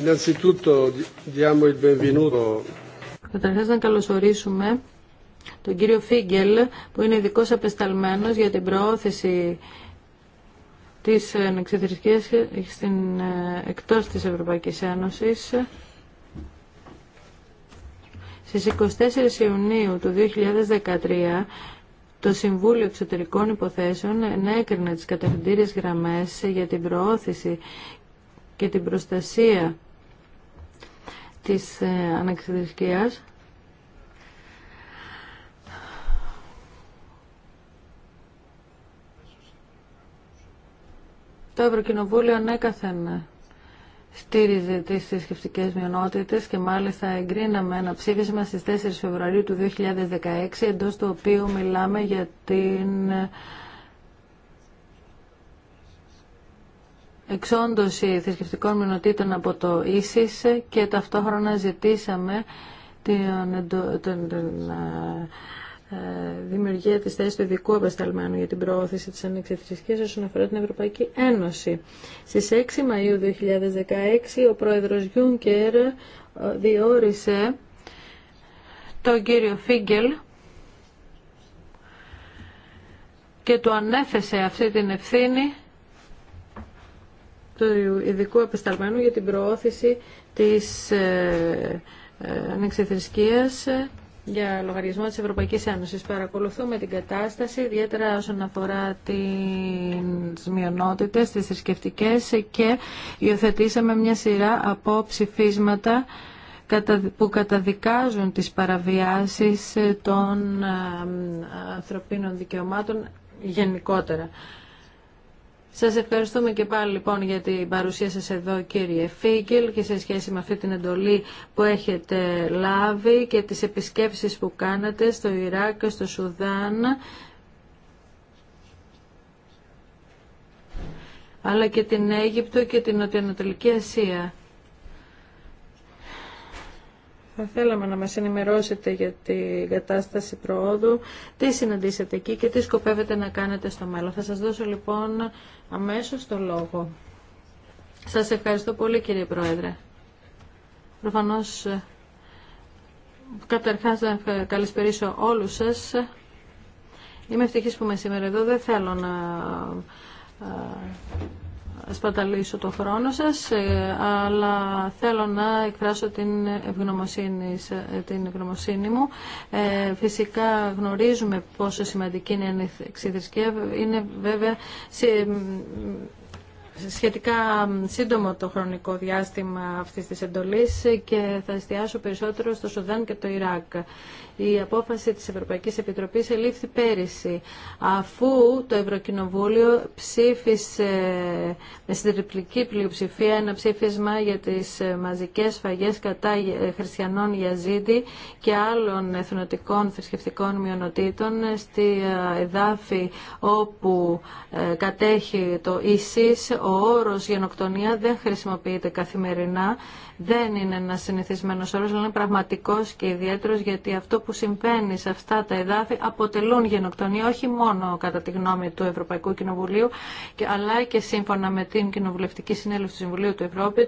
Innanzitutto Καταρχάς να καλωσορίσουμε τον κύριο Φίγκελ που είναι ειδικό απεσταλμένος για την προώθηση της ανεξιθρησκείας ε, στην, ε, εκτός της Ευρωπαϊκής Ένωσης. Στις 24 Ιουνίου του 2013 το Συμβούλιο Εξωτερικών Υποθέσεων ενέκρινε τις κατευθυντήριες γραμμές για την προώθηση και την προστασία της ε, αναξιδρυσκείας. Το Ευρωκοινοβούλιο ανέκαθεν στήριζε τις θρησκευτικέ μειονότητες και μάλιστα εγκρίναμε ένα ψήφισμα στις 4 Φεβρουαρίου του 2016 εντός του οποίου μιλάμε για την εξόντωση θρησκευτικών μειονοτήτων από το ΙΣΙΣ και ταυτόχρονα ζητήσαμε την, ε, ε, δημιουργία της θέσης του ειδικού απεσταλμένου για την προώθηση της ανεξιθρησκείας όσον αφορά την Ευρωπαϊκή Ένωση. Στις 6 Μαΐου 2016 ο πρόεδρος Γιούνκερ ε, διόρισε τον κύριο Φίγκελ και του ανέθεσε αυτή την ευθύνη του ειδικού απεσταλμένου για την προώθηση της ε, ε, ανεξιθρησκείας ε, για λογαριασμό της Ευρωπαϊκής Ένωσης. Παρακολουθούμε την κατάσταση, ιδιαίτερα όσον αφορά τις μειονότητες, τις θρησκευτικέ και υιοθετήσαμε μια σειρά από ψηφίσματα που καταδικάζουν τις παραβιάσεις των ανθρωπίνων δικαιωμάτων γενικότερα. Σας ευχαριστούμε και πάλι λοιπόν για την παρουσία σας εδώ κύριε Φίγκελ και σε σχέση με αυτή την εντολή που έχετε λάβει και τις επισκέψεις που κάνατε στο Ιράκ, και στο Σουδάν αλλά και την Αίγυπτο και την Νοτιοανατολική Ασία. Θα θέλαμε να μας ενημερώσετε για την κατάσταση προόδου, τι συναντήσατε εκεί και τι σκοπεύετε να κάνετε στο μέλλον. Θα σας δώσω λοιπόν αμέσως το λόγο. Σας ευχαριστώ πολύ κύριε Πρόεδρε. Προφανώς καταρχάς να καλησπερίσω όλους σας. Είμαι ευτυχής που είμαι σήμερα εδώ. Δεν θέλω να σπαταλήσω το χρόνο σας, ε, αλλά θέλω να εκφράσω την ευγνωμοσύνη, ε, την ευγνωμοσύνη μου. Ε, φυσικά γνωρίζουμε πόσο σημαντική είναι η εξειδρισκεία. Είναι βέβαια σχετικά σύντομο το χρονικό διάστημα αυτής της εντολής και θα εστιάσω περισσότερο στο Σουδάν και το Ιράκ. Η απόφαση της Ευρωπαϊκής Επιτροπής ελήφθη πέρυσι, αφού το Ευρωκοινοβούλιο ψήφισε με συντριπτική πλειοψηφία ένα ψήφισμα για τις μαζικές φαγές κατά χριστιανών Ιαζίδη και άλλων εθνοτικών θρησκευτικών μειονοτήτων στη ε, εδάφη όπου ε, κατέχει το ΙΣΙΣ. Ο όρος γενοκτονία δεν χρησιμοποιείται καθημερινά δεν είναι ένα συνηθισμένο όρο, αλλά είναι πραγματικό και ιδιαίτερο γιατί αυτό που συμβαίνει σε αυτά τα εδάφη αποτελούν γενοκτονία όχι μόνο κατά τη γνώμη του Ευρωπαϊκού Κοινοβουλίου, αλλά και σύμφωνα με την Κοινοβουλευτική Συνέλευση του Συμβουλίου του Ευρώπη,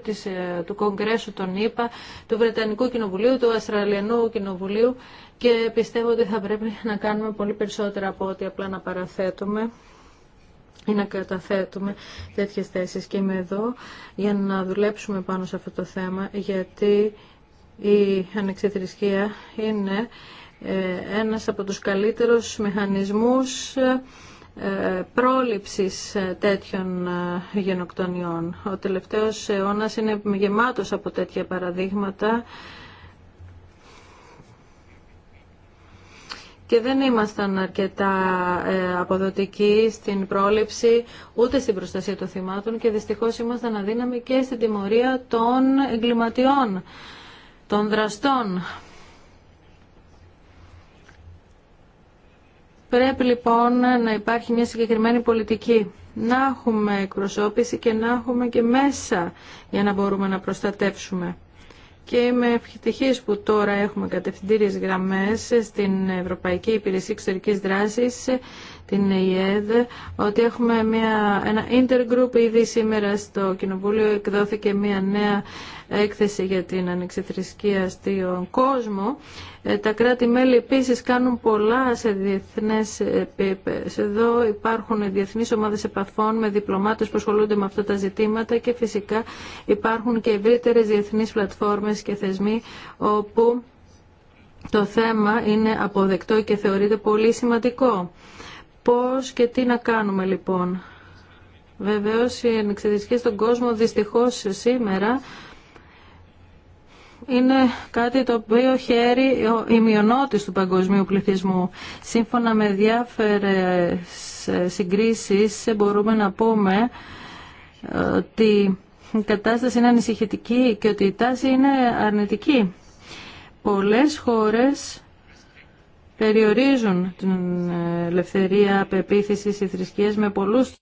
ε, του Κογκρέσου των ΗΠΑ, του Βρετανικού Κοινοβουλίου, του Αυστραλιανού Κοινοβουλίου και πιστεύω ότι θα πρέπει να κάνουμε πολύ περισσότερα από ό,τι απλά να παραθέτουμε ή να καταθέτουμε τέτοιες θέσεις. Και είμαι εδώ για να δουλέψουμε πάνω σε αυτό το θέμα, γιατί η ανεξιθρησκεία είναι ε, ένας από τους καλύτερους μηχανισμούς ε, πρόληψης ε, τέτοιων γενοκτονιών. Ο τελευταίος αιώνας είναι γεμάτος από τέτοια παραδείγματα και δεν ήμασταν αρκετά ε, αποδοτικοί στην πρόληψη ούτε στην προστασία των θυμάτων και δυστυχώς ήμασταν αδύναμοι και στην τιμωρία των εγκληματιών, των δραστών. Πρέπει λοιπόν να υπάρχει μια συγκεκριμένη πολιτική, να έχουμε εκπροσώπηση και να έχουμε και μέσα για να μπορούμε να προστατεύσουμε και είμαι ευτυχή που τώρα έχουμε κατευθυντήριε γραμμές στην Ευρωπαϊκή Υπηρεσία εξωτερική δράση την ΕΙΕΔ ότι έχουμε μια, ένα intergroup ήδη σήμερα στο Κοινοβούλιο εκδόθηκε μια νέα έκθεση για την ανεξιθρησκεία στον κόσμο. Ε, τα κράτη-μέλη επίσης κάνουν πολλά σε διεθνές επίπεδες. Εδώ υπάρχουν διεθνείς ομάδες επαφών με διπλωμάτες που ασχολούνται με αυτά τα ζητήματα και φυσικά υπάρχουν και ευρύτερες διεθνείς πλατφόρμες και θεσμοί όπου το θέμα είναι αποδεκτό και θεωρείται πολύ σημαντικό. Πώς και τι να κάνουμε λοιπόν. Βεβαίως η ανεξαρτησίες στον κόσμο δυστυχώς σήμερα είναι κάτι το οποίο χαίρει η μειονότηση του παγκοσμίου πληθυσμού. Σύμφωνα με διάφορες ε, συγκρίσεις μπορούμε να πούμε ε, ότι η κατάσταση είναι ανησυχητική και ότι η τάση είναι αρνητική. Πολλές χώρες περιορίζουν την ε, ελευθερία πεποίθησης ή θρησκείας με πολλούς